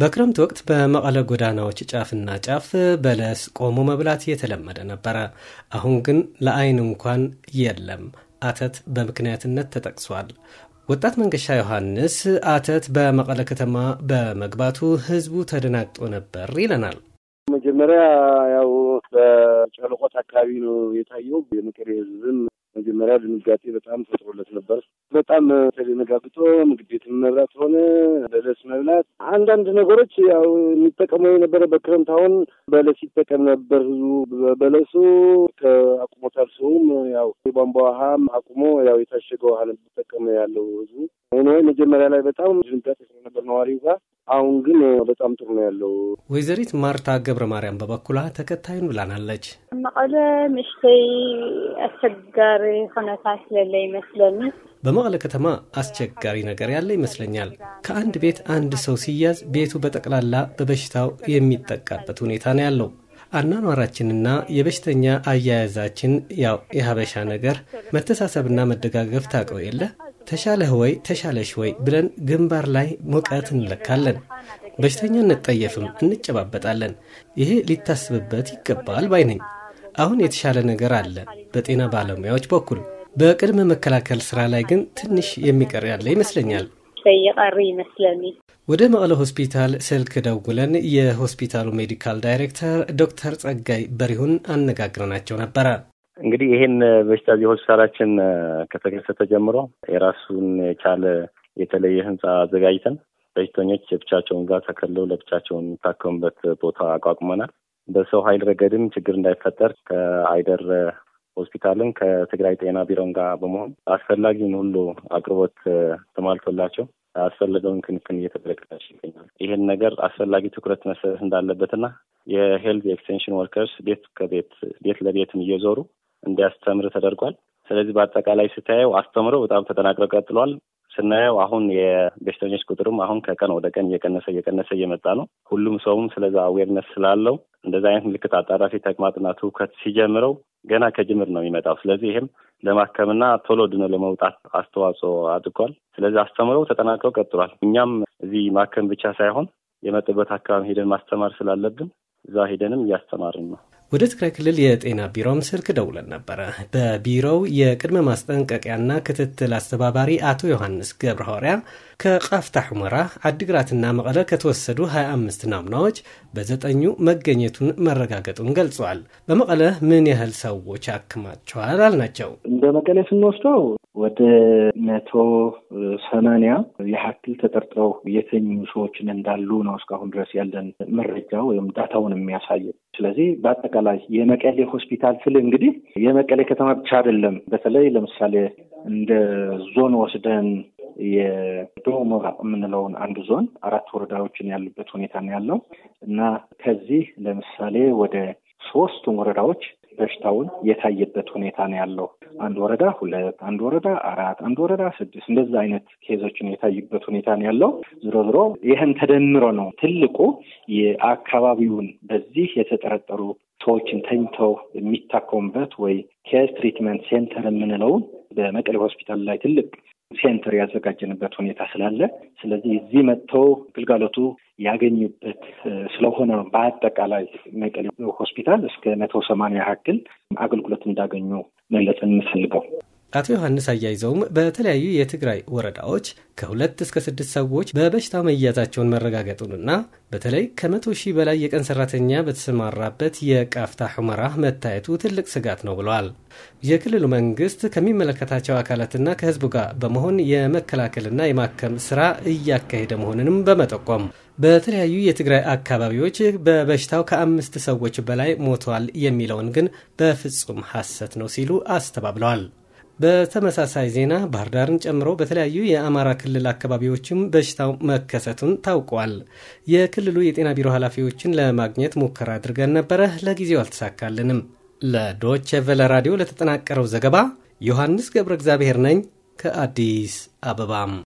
በክረምት ወቅት በመቀለ ጎዳናዎች ጫፍና ጫፍ በለስ ቆሞ መብላት የተለመደ ነበረ። አሁን ግን ለአይን እንኳን የለም። አተት በምክንያትነት ተጠቅሷል። ወጣት መንገሻ ዮሐንስ አተት በመቀለ ከተማ በመግባቱ ህዝቡ ተደናግጦ ነበር ይለናል። መጀመሪያ ያው በጨለቆት አካባቢ ነው የታየው። የመቀሌ ህዝብም መጀመሪያ ድንጋጤ በጣም ተጥሮለት ነበር። በጣም ተደነጋግጦ ምግብ ቤት መብላት ሆነ በለስ መብላት አንዳንድ ነገሮች ያው የሚጠቀመው የነበረ በክረምት አሁን በለስ ይጠቀም ነበር ህዝቡ። በለሱ ከአቁሞታል። ሰውም ያው የቧንቧ ውሃም አቁሞ ያው የታሸገ ውሃ ነው የሚጠቀመ ያለው ህዝቡ። መጀመሪያ ላይ በጣም ድንጋጤ ስለነበር ነዋሪው ጋር አሁን ግን በጣም ጥሩ ነው ያለው። ወይዘሪት ማርታ ገብረ ማርያም በበኩሏ ተከታዩን ብላናለች። መቀለ ምሽተይ አስቸጋሪ ኩነታ ስለለ ይመስለኒ በመቀለ ከተማ አስቸጋሪ ነገር ያለ ይመስለኛል። ከአንድ ቤት አንድ ሰው ሲያዝ ቤቱ በጠቅላላ በበሽታው የሚጠቃበት ሁኔታ ነው ያለው። አኗኗራችንና የበሽተኛ አያያዛችን ያው የሀበሻ ነገር መተሳሰብና መደጋገፍ ታውቀው የለ ተሻለህ ወይ ተሻለሽ ወይ ብለን ግንባር ላይ ሙቀት እንለካለን። በሽተኛ እንጠየፍም፣ እንጨባበጣለን። ይሄ ሊታስብበት ይገባል ባይ ነኝ። አሁን የተሻለ ነገር አለ በጤና ባለሙያዎች በኩል። በቅድመ መከላከል ስራ ላይ ግን ትንሽ የሚቀር ያለ ይመስለኛል። ይቀር ይመስለኒ ወደ መቀለ ሆስፒታል ስልክ ደውለን የሆስፒታሉ ሜዲካል ዳይሬክተር ዶክተር ጸጋይ በሪሁን አነጋግረናቸው ነበረ። እንግዲህ ይሄን በሽታ እዚህ ሆስፒታላችን ከተከሰተ ጀምሮ የራሱን የቻለ የተለየ ህንፃ አዘጋጅተን በሽተኞች የብቻቸውን ጋር ተከለው ለብቻቸው የሚታከሙበት ቦታ አቋቁመናል። በሰው ኃይል ረገድም ችግር እንዳይፈጠር ከአይደር ሆስፒታልን ከትግራይ ጤና ቢሮን ጋር በመሆን አስፈላጊውን ሁሉ አቅርቦት ተሟልቶላቸው አስፈለገውን ክንክን እየተበለቀላች ይገኛል። ይህን ነገር አስፈላጊ ትኩረት መሰረት እንዳለበትና የሄልዝ ኤክስቴንሽን ወርከርስ ቤት ከቤት ቤት ለቤትም እየዞሩ እንዲያስተምር ተደርጓል። ስለዚህ በአጠቃላይ ስታየው አስተምሮ በጣም ተጠናክሮ ቀጥሏል። ስናየው አሁን የበሽተኞች ቁጥርም አሁን ከቀን ወደ ቀን እየቀነሰ እየቀነሰ እየመጣ ነው። ሁሉም ሰውም ስለዛ አዌርነስ ስላለው እንደዚ አይነት ምልክት አጣራፊ ተቅማጥና ትውከት ሲጀምረው ገና ከጅምር ነው የሚመጣው። ስለዚህ ይህም ለማከምና ቶሎ ድኖ ለመውጣት አስተዋጽኦ አድርጓል። ስለዚህ አስተምረው ተጠናክሮ ቀጥሏል። እኛም እዚህ ማከም ብቻ ሳይሆን የመጡበት አካባቢ ሄደን ማስተማር ስላለብን እዛ ሄደንም እያስተማርን ነው። ወደ ትግራይ ክልል የጤና ቢሮም ስልክ ደውለን ነበረ። በቢሮው የቅድመ ማስጠንቀቂያና ክትትል አስተባባሪ አቶ ዮሐንስ ገብረ ሐዋርያ ከቃፍታ ሑመራ፣ አድግራትና መቐለ ከተወሰዱ 25 ናሙናዎች በዘጠኙ መገኘቱን መረጋገጡን ገልጿል። በመቐለ ምን ያህል ሰዎች አክማቸዋል? አልናቸው። መቀለ ስንወስደው ወደ መቶ ሰማንያ ያህል ተጠርጥረው የተኙ ሰዎችን እንዳሉ ነው እስካሁን ድረስ ያለን መረጃ ወይም ዳታውን የሚያሳየው። ስለዚህ በአጠቃላይ የመቀሌ ሆስፒታል ስል እንግዲህ የመቀሌ ከተማ ብቻ አይደለም። በተለይ ለምሳሌ እንደ ዞን ወስደን የዶሞ የምንለውን አንድ ዞን አራት ወረዳዎችን ያሉበት ሁኔታ ነው ያለው እና ከዚህ ለምሳሌ ወደ ሶስቱም ወረዳዎች በሽታውን የታየበት ሁኔታ ነው ያለው። አንድ ወረዳ ሁለት፣ አንድ ወረዳ አራት፣ አንድ ወረዳ ስድስት እንደዚ አይነት ኬዞችን የታዩበት ሁኔታ ነው ያለው። ዝሮ ዝሮ ይህን ተደምሮ ነው ትልቁ የአካባቢውን በዚህ የተጠረጠሩ ሰዎችን ተኝተው የሚታከሙበት ወይ ኬር ትሪትመንት ሴንተር የምንለውን በመቀሌ ሆስፒታል ላይ ትልቅ ሴንተር ያዘጋጀንበት ሁኔታ ስላለ ስለዚህ እዚህ መጥተው ግልጋሎቱ ያገኙበት ስለሆነ ነው። በአጠቃላይ መቀሌ ሆስፒታል እስከ መቶ ሰማንያ ያህል አገልግሎት እንዳገኙ መለጽ የምፈልገው አቶ ዮሐንስ አያይዘውም በተለያዩ የትግራይ ወረዳዎች ከሁለት እስከ ስድስት ሰዎች በበሽታው መያዛቸውን መረጋገጡንና በተለይ ከመቶ ሺህ በላይ የቀን ሰራተኛ በተሰማራበት የቃፍታ ሑመራ መታየቱ ትልቅ ስጋት ነው ብለዋል። የክልሉ መንግስት ከሚመለከታቸው አካላትና ከህዝቡ ጋር በመሆን የመከላከልና የማከም ስራ እያካሄደ መሆኑንም በመጠቆም በተለያዩ የትግራይ አካባቢዎች በበሽታው ከአምስት ሰዎች በላይ ሞተዋል የሚለውን ግን በፍጹም ሐሰት ነው ሲሉ አስተባብለዋል። በተመሳሳይ ዜና ባህር ዳርን ጨምሮ በተለያዩ የአማራ ክልል አካባቢዎችም በሽታው መከሰቱን ታውቋል። የክልሉ የጤና ቢሮ ኃላፊዎችን ለማግኘት ሙከራ አድርገን ነበረ፣ ለጊዜው አልተሳካልንም። ለዶቼ ቬለ ራዲዮ ለተጠናቀረው ዘገባ ዮሐንስ ገብረ እግዚአብሔር ነኝ ከአዲስ አበባም